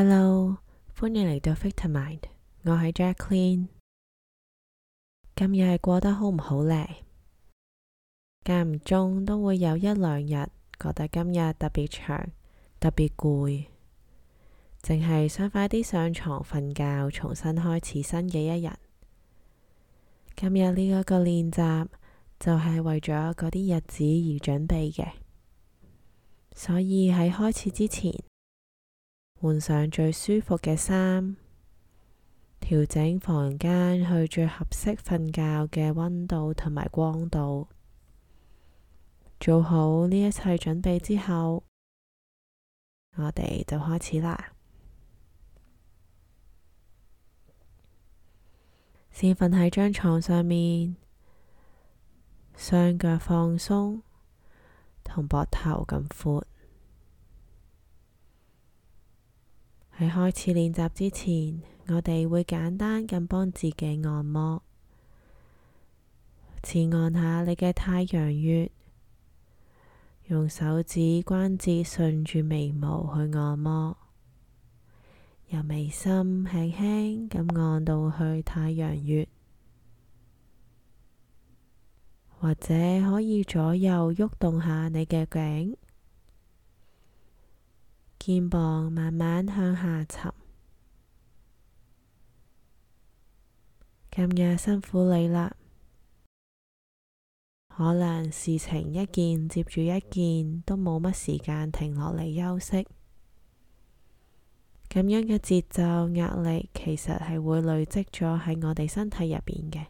Hello，歡迎嚟到 Vitamind，我係 Jaclyn。今日係過得好唔好呢？間唔中都會有一兩日覺得今日特別長，特別攰，淨係想快啲上床瞓覺，重新開始新嘅一日。今日呢一個練習就係為咗嗰啲日子而準備嘅，所以喺開始之前，換上最舒服嘅衫，調整房間去最合適瞓覺嘅溫度同埋光度。做好呢一切準備之後，我哋就開始啦。先瞓喺張床上面，雙腳放鬆，同膊頭咁闊。喺開始練習之前，我哋會簡單咁幫自己按摩，似按下你嘅太陽穴，用手指關節順住眉毛去按摩，由眉心輕輕咁按到去太陽穴，或者可以左右喐動下你嘅頸。肩膀慢慢向下沉，今日辛苦你啦。可能事情一件接住一件，都冇乜時間停落嚟休息。咁樣嘅節奏壓力，其實係會累積咗喺我哋身體入邊嘅。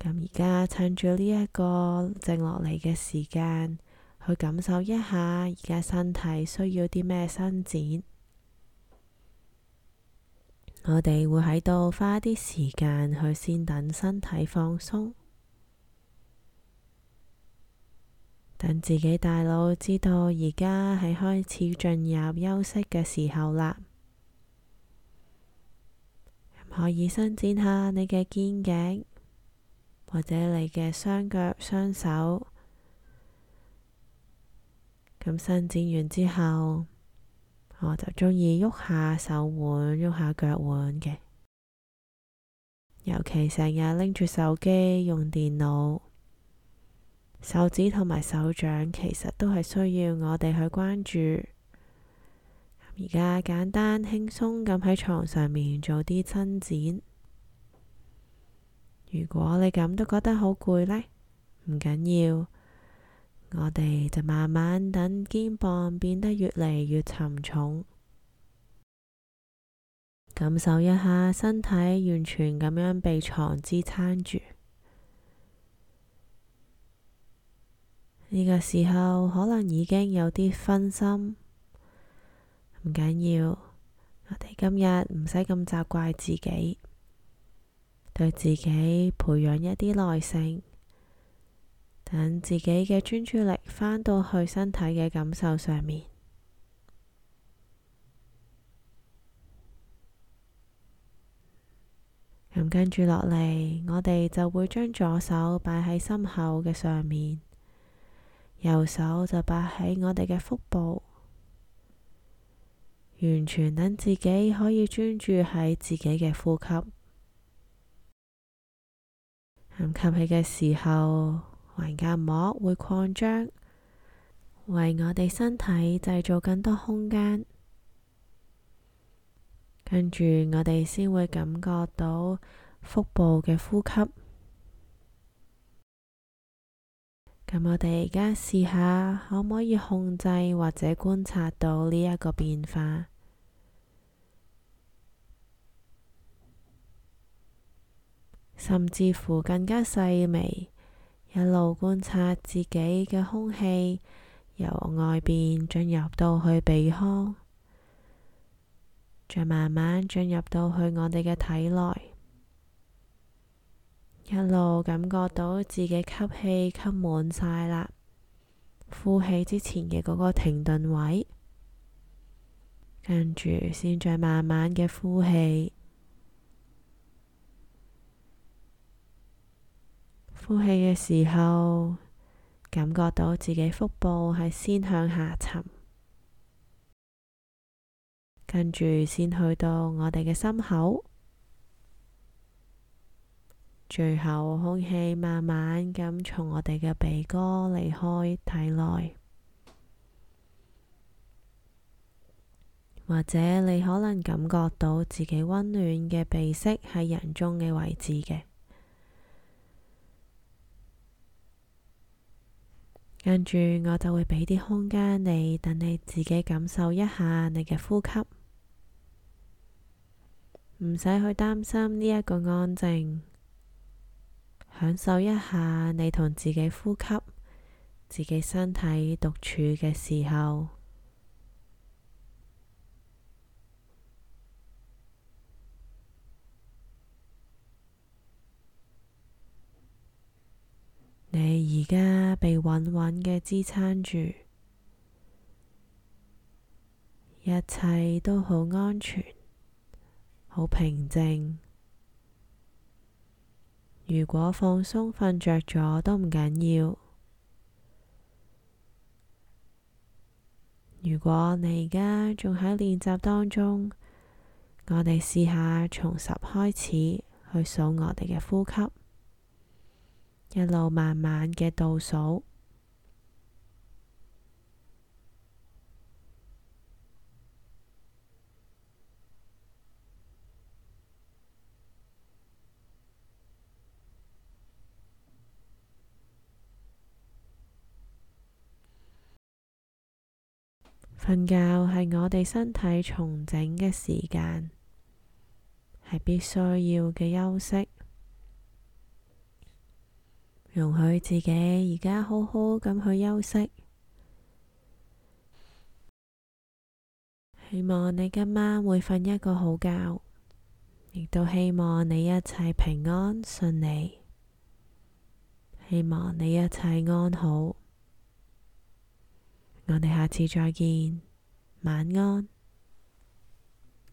咁而家趁住呢一個靜落嚟嘅時間。去感受一下而家身體需要啲咩伸展，我哋會喺度花啲時間去先等身體放鬆，等自己大腦知道而家係開始進入休息嘅時候啦。可以伸展下你嘅肩頸，或者你嘅雙腳、雙手。咁伸展完之後，我就鍾意喐下手腕、喐下腳腕嘅。尤其成日拎住手機、用電腦，手指同埋手掌其實都係需要我哋去關注。而家簡單輕鬆咁喺床上面做啲伸展。如果你咁都覺得好攰呢，唔緊要。我哋就慢慢等肩膀變得越嚟越沉重，感受一下身體完全咁樣被床支撐住。呢個時候可能已經有啲分心，唔緊要。我哋今日唔使咁責怪自己，對自己培養一啲耐性。等自己嘅專注力返到去身體嘅感受上面，咁跟住落嚟，我哋就會將左手擺喺心口嘅上面，右手就擺喺我哋嘅腹部，完全等自己可以專注喺自己嘅呼吸。咁吸氣嘅時候。橫膈膜會擴張，為我哋身體製造更多空間，跟住我哋先會感覺到腹部嘅呼吸。咁我哋而家試下，可唔可以控制或者觀察到呢一個變化，甚至乎更加細微。一路觀察自己嘅空氣，由外邊進入到去鼻腔，再慢慢進入到去我哋嘅體內，一路感覺到自己吸氣吸滿晒啦，呼氣之前嘅嗰個停頓位，跟住先再慢慢嘅呼氣。呼氣嘅時候，感覺到自己腹部係先向下沉，跟住先去到我哋嘅心口，最後空氣慢慢咁從我哋嘅鼻哥離開體內，或者你可能感覺到自己溫暖嘅鼻息喺人中嘅位置嘅。跟住我就會俾啲空間你，等你自己感受一下你嘅呼吸，唔使去擔心呢一個安靜，享受一下你同自己呼吸、自己身體獨處嘅時候。你而家被穩穩嘅支撐住，一切都好安全，好平靜。如果放鬆瞓着咗都唔緊要。如果你而家仲喺練習當中，我哋試下從十開始去數我哋嘅呼吸。一路慢慢嘅倒數，瞓覺係我哋身體重整嘅時間，係必須要嘅休息。容許自己而家好好咁去休息，希望你今晚會瞓一個好覺，亦都希望你一切平安順利，希望你一切安好。我哋下次再見，晚安。